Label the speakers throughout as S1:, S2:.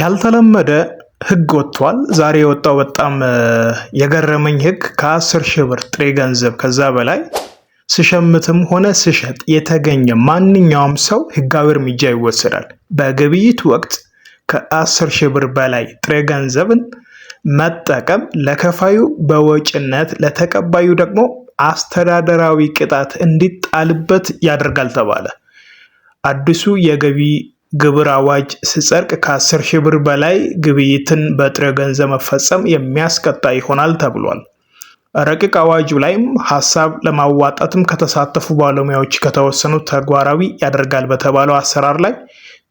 S1: ያልተለመደ ህግ ወጥቷል። ዛሬ የወጣው በጣም የገረመኝ ህግ ከአስር ሺህ ብር ጥሬ ገንዘብ ከዛ በላይ ስሸምትም ሆነ ስሸጥ የተገኘ ማንኛውም ሰው ህጋዊ እርምጃ ይወሰዳል። በግብይት ወቅት ከአስር ሺህ ብር በላይ ጥሬ ገንዘብን መጠቀም ለከፋዩ በወጭነት ለተቀባዩ ደግሞ አስተዳደራዊ ቅጣት እንዲጣልበት ያደርጋል ተባለ። አዲሱ የገቢ ግብር አዋጅ ሲጸድቅ ከ10 ሺህ ብር በላይ ግብይትን በጥሬ ገንዘብ መፈጸም የሚያስቀጣ ይሆናል ተብሏል። ረቂቅ አዋጁ ላይም ሀሳብ ለማዋጣትም ከተሳተፉ ባለሙያዎች ከተወሰኑ ተግባራዊ ያደርጋል በተባለው አሰራር ላይ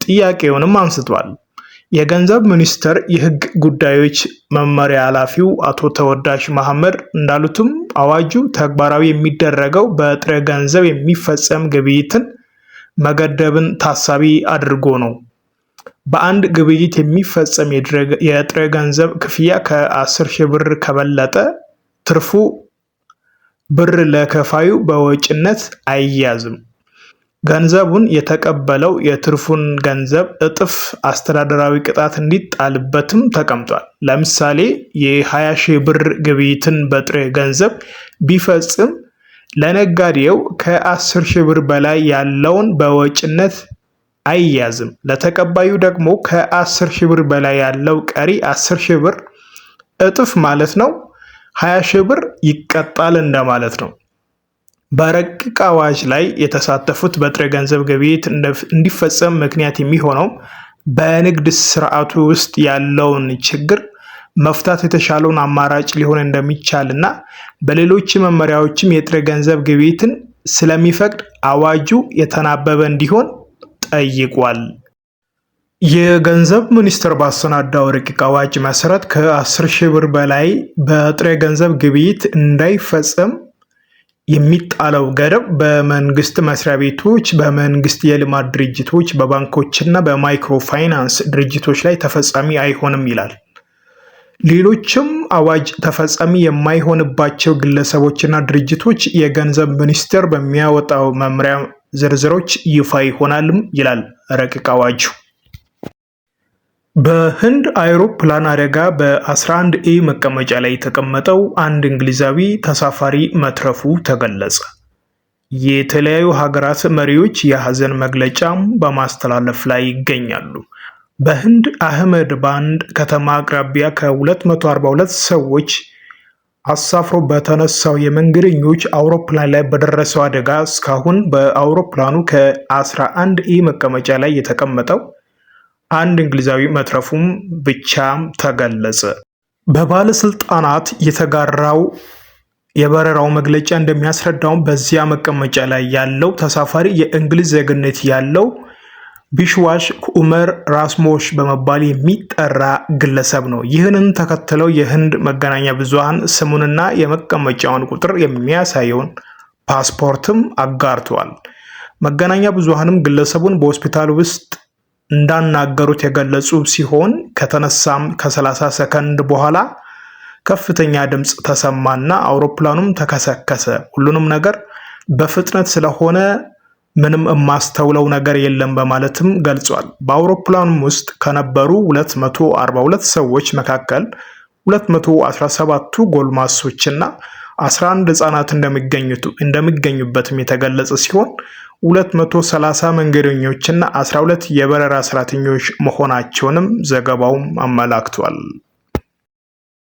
S1: ጥያቄውንም አንስቷል። የገንዘብ ሚኒስቴር የሕግ ጉዳዮች መመሪያ ኃላፊው አቶ ተወዳሽ መሐመድ እንዳሉትም አዋጁ ተግባራዊ የሚደረገው በጥሬ ገንዘብ የሚፈጸም ግብይትን መገደብን ታሳቢ አድርጎ ነው። በአንድ ግብይት የሚፈጸም የጥሬ ገንዘብ ክፍያ ከ10 ሺህ ብር ከበለጠ ትርፉ ብር ለከፋዩ በወጪነት አይያዝም። ገንዘቡን የተቀበለው የትርፉን ገንዘብ እጥፍ አስተዳደራዊ ቅጣት እንዲጣልበትም ተቀምጧል። ለምሳሌ የ20 ሺህ ብር ግብይትን በጥሬ ገንዘብ ቢፈጽም ለነጋዴው ከ10 ሺህ ብር በላይ ያለውን በወጭነት አይያዝም። ለተቀባዩ ደግሞ ከ10 ሺህ ብር በላይ ያለው ቀሪ 10 ሺህ ብር እጥፍ ማለት ነው 20 ሺህ ብር ይቀጣል እንደማለት ነው። በረቂቅ አዋጅ ላይ የተሳተፉት በጥረ ገንዘብ ግብይት እንዲፈጸም ምክንያት የሚሆነው በንግድ ስርዓቱ ውስጥ ያለውን ችግር መፍታት የተሻለውን አማራጭ ሊሆን እንደሚቻል እና በሌሎች መመሪያዎችም የጥሬ ገንዘብ ግብይትን ስለሚፈቅድ አዋጁ የተናበበ እንዲሆን ጠይቋል። የገንዘብ ሚኒስቴር ባሰናዳው ረቂቅ አዋጅ መሰረት ከ10 ሺህ ብር በላይ በጥሬ ገንዘብ ግብይት እንዳይፈጸም የሚጣለው ገደብ በመንግስት መስሪያ ቤቶች፣ በመንግስት የልማት ድርጅቶች፣ በባንኮችና በማይክሮ ፋይናንስ ድርጅቶች ላይ ተፈጻሚ አይሆንም ይላል። ሌሎችም አዋጅ ተፈጻሚ የማይሆንባቸው ግለሰቦችና ድርጅቶች የገንዘብ ሚኒስቴር በሚያወጣው መምሪያ ዝርዝሮች ይፋ ይሆናልም ይላል ረቂቅ አዋጁ። በህንድ አይሮፕላን አደጋ በ11 ኤ መቀመጫ ላይ የተቀመጠው አንድ እንግሊዛዊ ተሳፋሪ መትረፉ ተገለጸ። የተለያዩ ሀገራት መሪዎች የሀዘን መግለጫም በማስተላለፍ ላይ ይገኛሉ። በህንድ አህመድ ባንድ ከተማ አቅራቢያ ከ242 ሰዎች አሳፍሮ በተነሳው የመንገደኞች አውሮፕላን ላይ በደረሰው አደጋ እስካሁን በአውሮፕላኑ ከ11 ኢ መቀመጫ ላይ የተቀመጠው አንድ እንግሊዛዊ መትረፉም ብቻም ተገለጸ። በባለስልጣናት የተጋራው የበረራው መግለጫ እንደሚያስረዳው በዚያ መቀመጫ ላይ ያለው ተሳፋሪ የእንግሊዝ ዜግነት ያለው ቢሽዋሽ ኡመር ራስሞሽ በመባል የሚጠራ ግለሰብ ነው። ይህንን ተከትለው የህንድ መገናኛ ብዙሃን ስሙንና የመቀመጫውን ቁጥር የሚያሳየውን ፓስፖርትም አጋርተዋል። መገናኛ ብዙሃንም ግለሰቡን በሆስፒታል ውስጥ እንዳናገሩት የገለጹ ሲሆን ከተነሳም ከ30 ሰከንድ በኋላ ከፍተኛ ድምፅ ተሰማና አውሮፕላኑም ተከሰከሰ። ሁሉንም ነገር በፍጥነት ስለሆነ ምንም የማስተውለው ነገር የለም በማለትም ገልጿል። በአውሮፕላኑም ውስጥ ከነበሩ 242 ሰዎች መካከል 217ቱ ጎልማሶችና 11 ህጻናት እንደሚገኙበትም የተገለጸ ሲሆን 230 መንገደኞችና 12 የበረራ ሰራተኞች መሆናቸውንም ዘገባውም አመላክቷል።